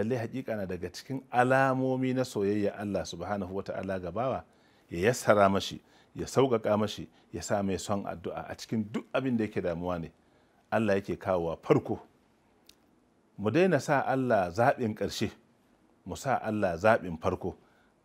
lalle hakika na daga cikin alamomi na soyayya Allah subhanahu wa ta'ala ga bawa ya yassara mashi ya sauƙaƙa mashi ya sa mai son addu'a a cikin duk abin da yake damuwa ne Allah yake kawowa farko mu daina sa Allah zaɓin ƙarshe mu sa Allah zaɓin farko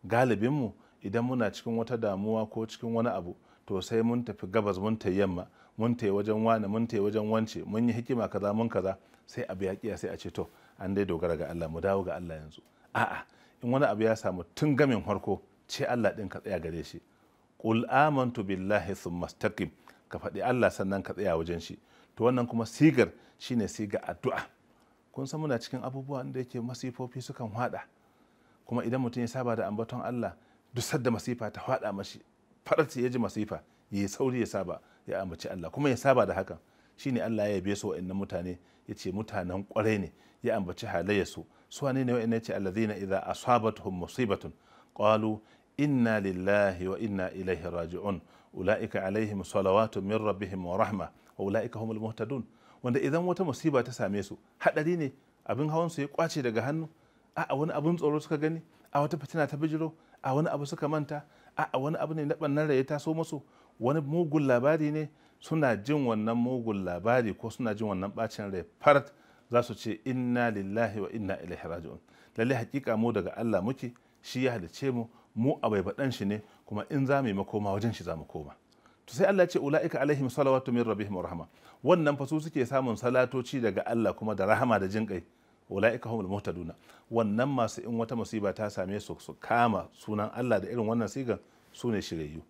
galibinmu idan muna cikin wata damuwa ko cikin wani abu to sai mun tafi gabas mun ta yamma mun ta wajen wani mun ta wajen wance mun yi hikima kaza mun kaza sai abu ya kiya sai a ce to an dai dogara ga Allah mu dawo ga Allah yanzu a'a in wani abu ya samu tun gamin farko ce Allah din ka tsaya gare shi qul amantu billahi thumma istaqim ka faɗi Allah sannan ka tsaya wajen shi to wannan kuma sigar shine siga addu'a kun san muna cikin abubuwa da yake masifofi sukan hada kuma idan mutum ya saba da ambaton Allah dusar da masifa ta hada mashi faɗarci ya ji masifa ya yi sauri ya saba ya ambaci Allah kuma ya saba da hakan shine Allah ya yabe su wa'annan mutane ya ce mutanen kwarai ne ya ambaci halayyarsu su wane ne wa'annan ce allazina idza asabatuhum musibatun qalu inna lillahi wa inna ilaihi raji'un ulaika alaihim salawatu min rabbihim wa rahma wa ulaika humul muhtadun wanda idan wata musiba ta same su hadari ne abin hawan su ya kwace daga hannu a wani abin tsoro suka gani a wata fitina ta bijiro a wani abu suka manta a wani abu ne na ɓannan ya taso masu wani mugun labari ne suna jin wannan mugun labari ko suna jin wannan bacin rai farat za su ce inna lillahi wa inna ilaihi raji'un lalle hakika mu daga Allah muke shi ya halice mu mu a bai baɗan shi ne kuma in za mu yi makoma wajen shi za mu koma to sai Allah ce ula'ika alaihim salawatu min rabbihim wa rahma wannan fa su suke samun salatoci daga Allah kuma da rahama da jin kai ula'ika humul muhtaduna wannan masu in wata musiba ta same su su kama sunan Allah da irin wannan sigan su ne shiryayyu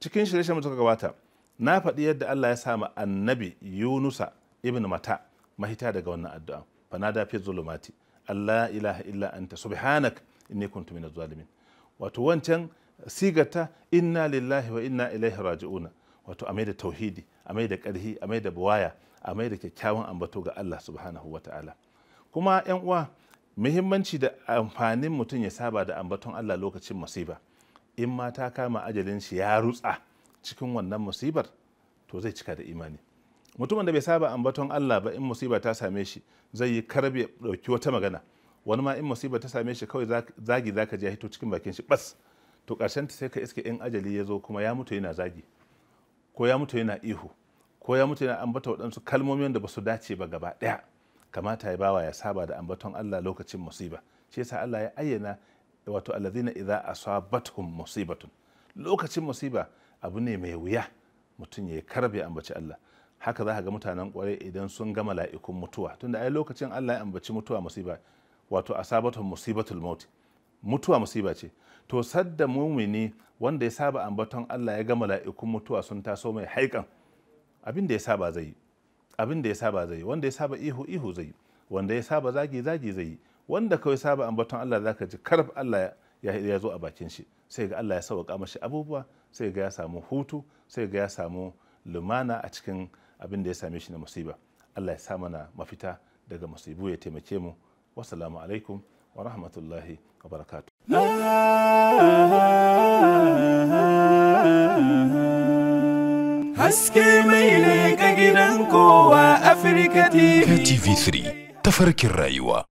cikin shirye-shiryen mutaka gabata na faɗi yadda Allah ya sa ma annabi Yunusa ibn Mata mahita daga wannan addu'a fanada fi zulumati Allah ilaha illa anta subhanak inni kuntu minaz zalimin wato wancan sigata inna lillahi wa inna ilaihi raji'una wato a da tauhidi a da karhi a da buwaya a da kyakkyawan ambato ga Allah subhanahu wa ta'ala kuma yan uwa muhimmanci da amfanin mutum ya saba da ambaton Allah lokacin musiba in ma ta kama ajalin shi ya rutsa cikin wannan musibar to zai cika da imani mutumin da bai saba ambaton Allah ba in musiba ta same shi zai yi karbe dauki wata magana wani ma in musiba ta same shi kawai zagi zaka je hito cikin bakin shi bas to karshen ta sai ka iske in ajali ya zo kuma ya mutu yana zagi ko ya mutu yana ihu ko ya mutu yana ambata waɗansu kalmomin da ba su dace ba gaba ɗaya kamata ya bawa ya saba da ambaton Allah lokacin musiba shi yasa Allah ya ayyana wato allazina idza asabatuhum musibatun lokacin musiba abu ne mai wuya mutum ya karbe ambaci Allah haka za ka ga mutanen kwarai idan sun ga mala'ikun mutuwa tunda ai lokacin Allah ya ambaci mutuwa musiba wato asabatuhum musibatul maut mutuwa musiba ce to sadda mumini wanda ya saba ambaton Allah ya ga mala'ikun mutuwa sun taso mai haikan abin da ya saba zai yi abin da ya saba zai wanda ya saba ihu ihu zai wanda ya saba zagi zagi zai wanda kawai saba ambaton Allah zaka ji karf Allah ya zo a bakin shi sai ga Allah ya sauƙa mashi abubuwa sai ga ya samu hutu sai ga ya samu lumana a cikin abin da ya same shi na musiba Allah ya sa mana mafita daga musibu ya taimake mu wassalamu alaikum wa rahmatullahi wa barakatuh haske mai leƙa gidan kowa Afirka TV. KTV3 tafarkin rayuwa.